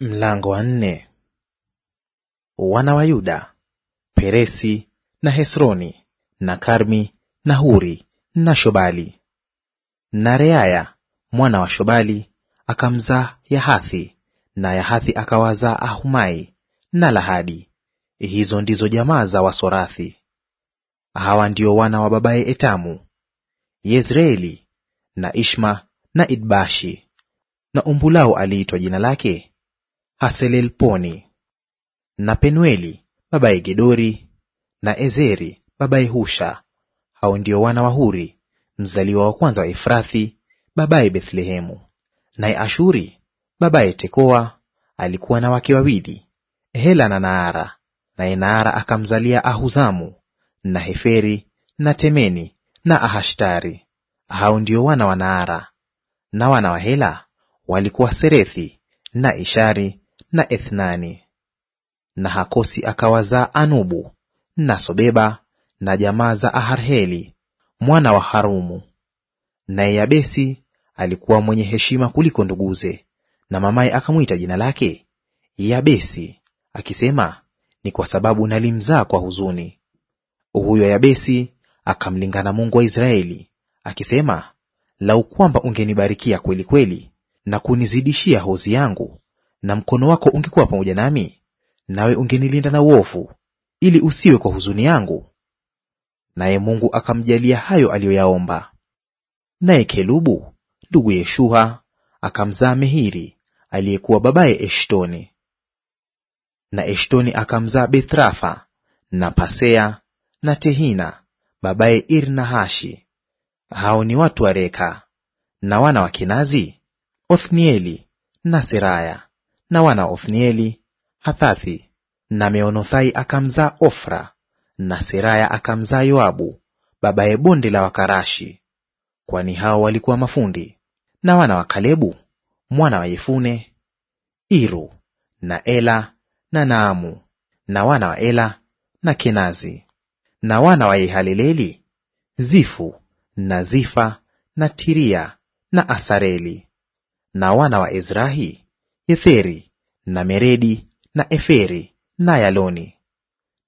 Mlango wa nne. Wana wa Yuda, Peresi na Hesroni na Karmi na Huri na Shobali. Na Reaya mwana wa Shobali akamzaa Yahathi, na Yahathi akawazaa Ahumai na Lahadi. Hizo ndizo jamaa za Wasorathi. Hawa ndio wana wa babaye Etamu, Yezreeli na Ishma na Idbashi, na umbulao aliitwa jina lake Haselelponi na Penueli babaye Gedori na Ezeri babaye Husha. Hao ndio wana wa Huri mzaliwa wa kwanza wa Efrathi babaye Bethlehemu. Naye Ashuri babaye Tekoa alikuwa na wake wawili, Hela na Naara. Naye Naara akamzalia Ahuzamu na Heferi na Temeni na Ahashtari. Hao ndio wana wa Naara. Na wana wa Hela walikuwa Serethi na Ishari na Ethnani. Na Hakosi akawazaa Anubu na Sobeba na jamaa za Aharheli mwana wa Harumu. Naye Yabesi alikuwa mwenye heshima kuliko nduguze, na mamaye akamwita jina lake Yabesi, akisema, ni kwa sababu nalimzaa kwa huzuni. Huyo Yabesi akamlingana Mungu wa Israeli, akisema, lau kwamba ungenibarikia kweli kweli na kunizidishia hozi yangu na mkono wako ungekuwa pamoja nami, nawe ungenilinda na uovu, ili usiwe kwa huzuni yangu. Naye Mungu akamjalia hayo aliyoyaomba. Naye Kelubu ndugu Yeshuha akamzaa Mehiri aliyekuwa babaye Eshtoni, na Eshtoni akamzaa Bethrafa na Pasea na Tehina babaye Irnahashi. Hao ni watu wa Reka. Na wana wa Kenazi, Othnieli na Seraya na wana wa Othnieli Hathathi na Meonothai akamzaa Ofra, na Seraya akamzaa Yoabu babaye bonde la Wakarashi, kwani hao walikuwa mafundi. Na wana wa Kalebu mwana wa Yefune, Iru na Ela na Naamu, na wana wa Ela na Kenazi. Na wana wa Yehaleleli Zifu na Zifa na Tiria na Asareli. Na wana wa Ezrahi Yetheri na Meredi na Eferi na Yaloni.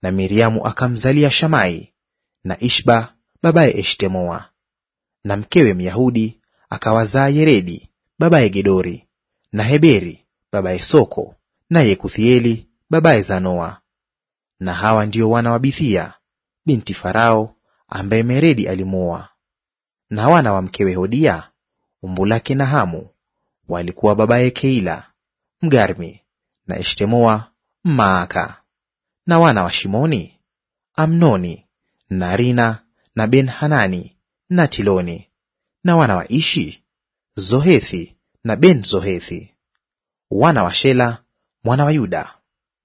Na Miriamu akamzalia Shamai na Ishba babaye Eshtemoa. Na mkewe Myahudi akawazaa Yeredi babaye Gedori na Heberi babaye Soko na Yekuthieli babaye Zanoa. Na hawa ndio wana wa Bithia binti Farao ambaye Meredi alimuoa Na wana wa mkewe Hodia umbu lake Nahamu walikuwa babaye Keila Mgarmi na Eshtemoa Mmaaka; na wana wa Shimoni, Amnoni na Rina na Ben-Hanani na Tiloni; na wana wa Ishi, Zohethi na Ben-Zohethi; wana wa Shela mwana wa Yuda,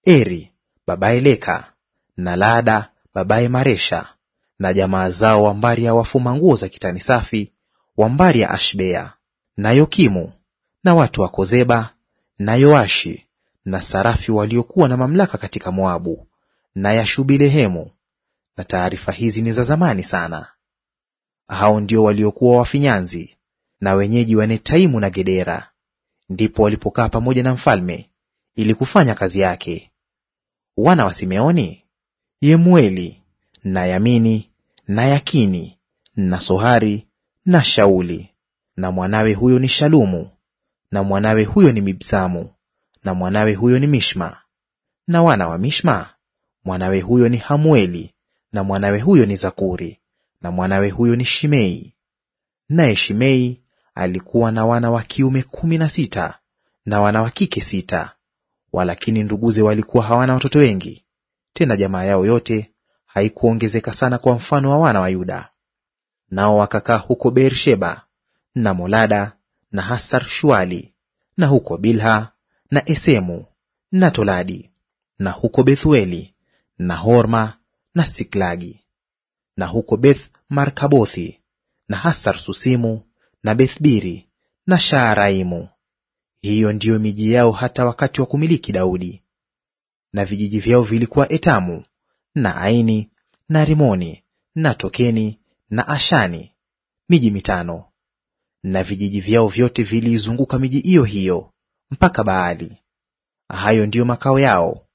Eri babaye Leka na Lada, babaye Maresha na jamaa zao, wambari ya wafuma nguo za kitani safi, wambari ya Ashbea na Yokimu na watu wa Kozeba na Yoashi na Sarafi waliokuwa na mamlaka katika Moabu na Yashubilehemu; na taarifa hizi ni za zamani sana. Hao ndio waliokuwa wafinyanzi na wenyeji wa Netaimu na Gedera. Ndipo walipokaa pamoja na mfalme ili kufanya kazi yake. Wana wa Simeoni, Yemueli na Yamini na Yakini na Sohari na Shauli na mwanawe huyo ni Shalumu na mwanawe huyo ni Mibsamu, na mwanawe huyo ni Mishma. Na wana wa Mishma, mwanawe huyo ni Hamueli, na mwanawe huyo ni Zakuri, na mwanawe huyo ni Shimei. Naye Shimei alikuwa na wana wa kiume kumi na sita na wana wa kike sita, walakini nduguze walikuwa hawana watoto wengi, tena jamaa yao yote haikuongezeka sana kwa mfano wa wana wa Yuda. Nao wakakaa huko Beersheba na Molada na Hasar-Shuali na huko Bilha na Esemu na Toladi na huko Bethueli na Horma na Siklagi na huko Beth Markabothi na Hasar-Susimu na Bethbiri na Shaaraimu. Hiyo ndiyo miji yao hata wakati wa kumiliki Daudi. Na vijiji vyao vilikuwa Etamu na Aini na Rimoni na Tokeni na Ashani, miji mitano na vijiji vyao vyote viliizunguka miji hiyo hiyo mpaka Baali. Hayo ndiyo makao yao,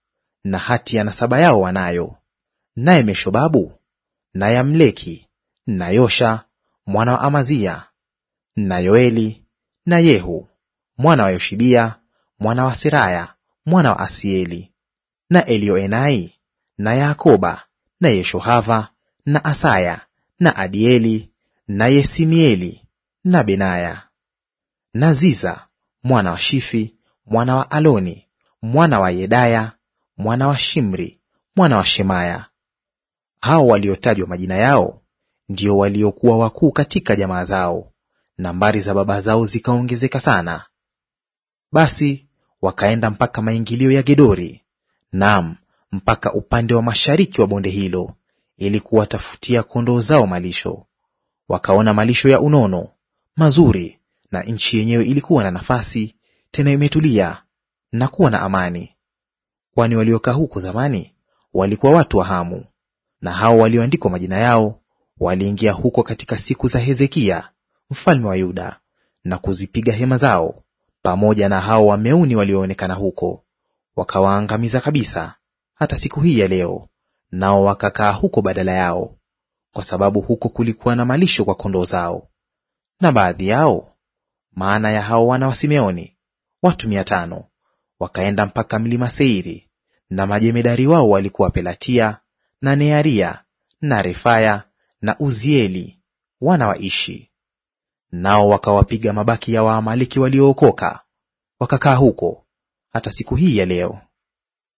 na hati ya nasaba yao wanayo. Naye Meshobabu na Yamleki na Yosha mwana wa Amazia na Yoeli na Yehu mwana wa Yoshibia mwana wa Seraya mwana wa Asieli na Elioenai na Yakoba na Yeshohava na Asaya na Adieli na Yesimieli na Benaya na Ziza mwana wa Shifi mwana wa Aloni mwana wa Yedaya mwana wa Shimri mwana wa Shemaya. Hao waliotajwa majina yao ndio waliokuwa wakuu katika jamaa zao, nambari za baba zao zikaongezeka sana. Basi wakaenda mpaka maingilio ya Gedori, naam, mpaka upande wa mashariki wa bonde hilo, ili kuwatafutia kondoo zao malisho. Wakaona malisho ya unono, mazuri, na nchi yenyewe ilikuwa na nafasi, tena imetulia na kuwa na amani. Kwani waliokaa huko zamani walikuwa watu wa hamu, na hao walioandikwa majina yao waliingia huko katika siku za Hezekia mfalme wa Yuda, na kuzipiga hema zao pamoja na hao Wameuni walioonekana huko, wakawaangamiza kabisa hata siku hii ya leo, nao wakakaa huko badala yao, kwa sababu huko kulikuwa na malisho kwa kondoo zao na baadhi yao, maana ya hao wana wa Simeoni, watu mia tano, wakaenda mpaka mlima Seiri, na majemedari wao walikuwa Pelatia na Nearia na Refaya na Uzieli wana wa Ishi. Nao wakawapiga mabaki ya Waamaleki waliookoka, wakakaa huko hata siku hii ya leo.